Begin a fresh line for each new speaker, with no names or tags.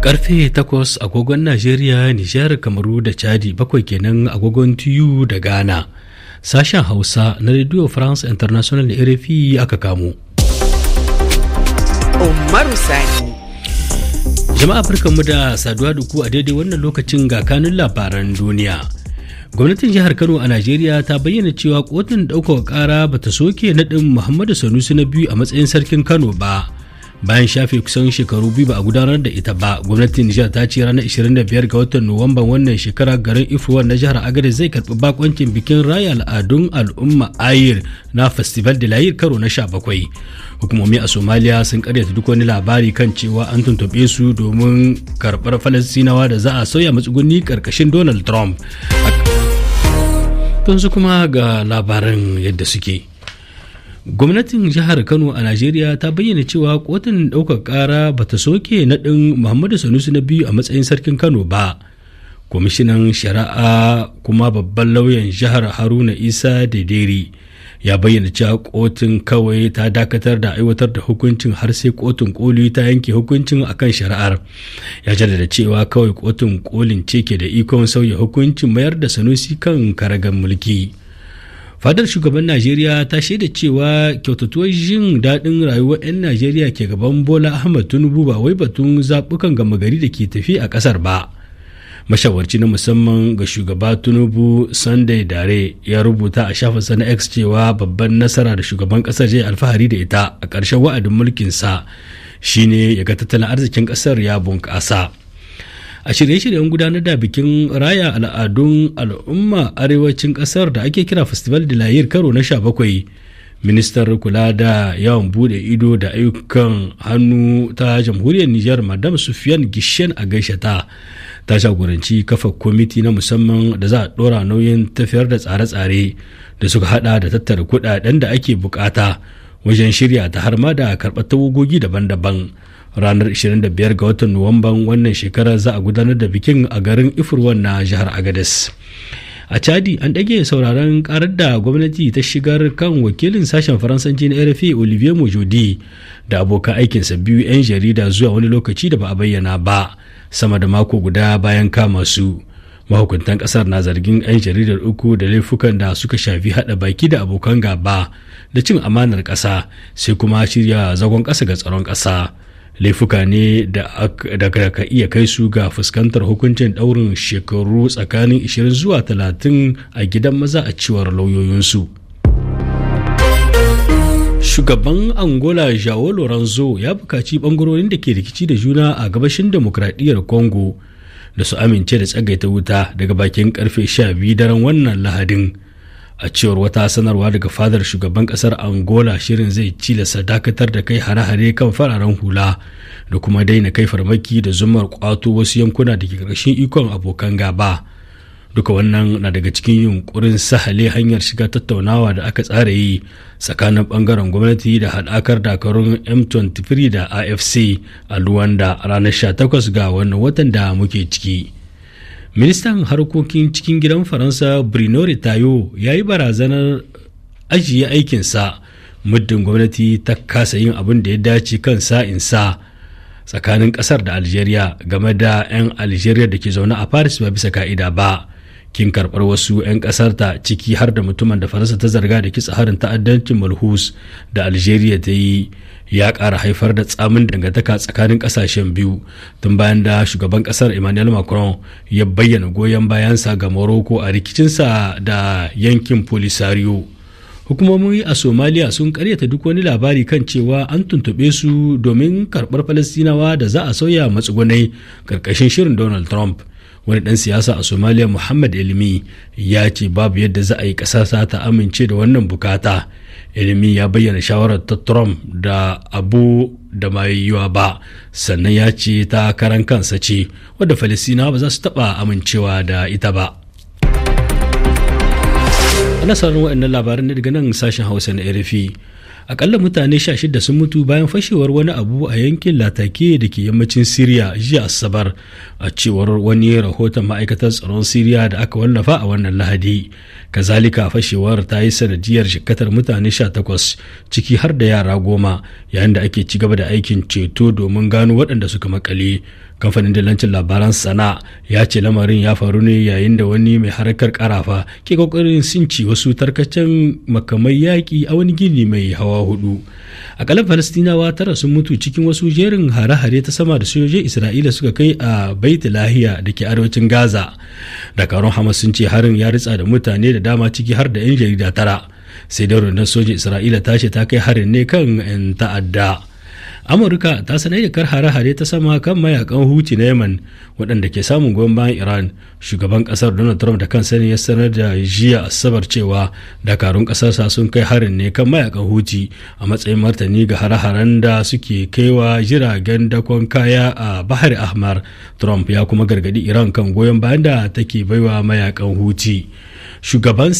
karfe 8 agogon najeriya nijar kamaru da chadi bakwai kenan agogon tiyu da ghana sashen hausa na radio france international da rfi aka kamo jama'a jama'a mu da saduwa duku a daidai wannan lokacin ga kanun labaran duniya gwamnatin jihar kano a najeriya ta bayyana cewa kotun ɗaukar kara ba ta soke naɗin muhammadu sanusi na biyu a matsayin sarkin kano ba bayan shafe kusan shekaru biyu ba a gudanar da ita ba gwamnatin nijar ta ce ranar 25 ga watan nuwamban wannan shekara garin ifuwa na jihar agadez zai karbi bakoncin bikin raya al'adun al'umma ayir na festival de layir karo na 17 hukumomi a somaliya sun karyata duk wani labari kan cewa an tuntube su domin karbar falasinawa da za a sauya matsuguni karkashin donald trump yanzu kuma ga labaran yadda suke gwamnatin jihar kano a najeriya ta bayyana cewa kotun ɗaukar kara ba ta soke naɗin muhammadu sanusi na biyu a matsayin sarkin kano ba kwamishinan shari'a kuma babban lauyan jihar haruna isa daideri ya bayyana cewa kotun kawai ta dakatar da aiwatar da hukuncin har sai kotun koli ta yanke hukuncin akan shari'ar ya jaddada cewa kawai kotun kolin ce ke da ikon sauya hukuncin mayar da sanusi kan karagan mulki fadar shugaban najeriya ta shaida cewa kyautatuwar jin daɗin rayuwar 'yan najeriya ke gaban bola ahmad tinubu ba wai batun zaɓukan gama gari da ke tafi a ƙasar ba mashawarci na musamman ga shugaba tinubu sunday dare ya rubuta a shafinsa na x cewa babban nasara da shugaban ƙasar zai alfahari da ita a ƙarshen wa'adin mulkinsa shine ya ga tattalin arzikin ƙasar ya bunƙasa a shirye-shiryen gudanar da bikin raya al'adun al'umma arewacin kasar da ake kira festival de lahir karo na 17 ministar kula da yawan bude ido da ayyukan hannu ta jamhuriyar nijar madam sufiyan gishen a gaishe ta ta shagoranci kafa kwamiti na musamman da za a dora nauyin tafiyar da tsare-tsare da suka hada da tattara kudaden da ake bukata wajen shirya ta har ma da karɓar tawagogi daban-daban ranar 25 ga watan nuwamban wannan shekara za a gudanar da bikin a garin ifirwan na jihar agadez a chadi an ɗage sauraron karar da gwamnati ta shigar kan wakilin sashen faransanci na rfi olivier mojodi da abokan aikinsa biyu 'yan jarida zuwa wani lokaci da ba a bayyana ba sama da mako guda bayan kama su mahukuntan kasar na zargin 'yan jaridar uku da laifukan da suka shafi hada baki da abokan gaba da cin amanar kasa sai kuma shirya zagon kasa ga tsaron kasa laifuka ne da ka iya kai su ga fuskantar hukuncin ɗaurin shekaru tsakanin 20 zuwa 30 a gidan maza a cewar lauyoyinsu shugaban angola jao lorenzo ya bukaci bangarorin da ke rikici da juna a gabashin demokradiyyar congo da su amince da tsagaita wuta daga bakin karfe 12 daren wannan lahadin a cewar wata sanarwa daga fadar shugaban kasar angola shirin zai cilasa dakatar da kai hare-hare kan fararen hula da kuma daina kai farmaki da zumar kwato wasu yankuna da ke karkashin ikon abokan gaba duka wannan na daga cikin yunkurin sahale hanyar shiga tattaunawa da aka tsara yi tsakanin bangaren gwamnati da haɗakar dakarun m23 da afc a luwanda ranar 18 ga wannan watan da muke ciki. ministan harkokin cikin gidan faransa bruno retayo ya yi barazanar ajiye aikinsa muddin gwamnati ta kasa yin abin da ya dace kan sa'insa tsakanin kasar da algeria game da 'yan algeria da ke zaune a paris ba bisa ka'ida ba kin karɓar wasu 'yan ƙasar ta ciki har da mutumin da faransa ta zarga da kitsa harin ta'addancin malhus da algeria ta yi ya ƙara haifar da tsamin dangantaka tsakanin ƙasashen biyu tun bayan da shugaban ƙasar emmanuel macron ya bayyana goyon bayansa ga morocco a rikicinsa da yankin polisario hukumomi a somaliya sun karyata duk wani labari kan cewa an tuntuɓe su domin karɓar falastinawa da za a sauya matsugunai ƙarƙashin shirin donald trump wani dan siyasa a somaliya muhammad ilimi ya ce babu yadda za a yi ƙasa ta amince da wannan bukata ilimi ya bayyana shawarar ta trump da abu da mai yiwa ba sannan ya ce ta karan kansa ce wadda falisina ba za su taɓa amincewa da ita ba ana sauraron waɗannan labaran daga nan sashen hausa na rfi akalla mutane 16 sun mutu bayan fashewar wani abu a yankin latake da ke yammacin siriya jiya asabar a cewar wani rahoton ma'aikatar tsaron siriya da aka wallafa a wannan lahadi kazalika fashewar ta yi sanadiyar shikatar mutane 18 ciki har da yara goma yayin da ake ci gaba da aikin ceto domin gano waɗanda suka makale kamfanin dillancin labaran sana'a ya ce lamarin ya faru ne yayin da wani mai harkar karafa ke kokarin sinci wasu tarkacen makamai yaƙi a wani gini mai hawa hudu akalla falastinawa tara sun mutu cikin wasu jerin hare-hare ta sama da sojojin isra'ila suka kai a bait lahiya da ke arewacin gaza dakarun hamas sun ce harin ya ritsa da mutane da dama ciki har da 'yan jarida tara sai da rundunar sojin isra'ila ta ce ta kai harin ne kan 'yan ta'adda amurka ta sanar da kar hare-hare ta sama kan mayakan huti na yaman waɗanda ke samun goyon bayan iran shugaban ƙasar donald trump da kansa ne ya sanar da jiya asabar cewa dakarun ƙasarsa sun kai harin ne kan mayakan huti a matsayin martani ga hare-haren da suke kaiwa jiragen dakon kaya a bahar ahmar trump ya kuma gargadi iran kan goyon bayan da take baiwa mayakan huti shugaban